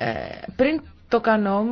Ε, πριν το κάνω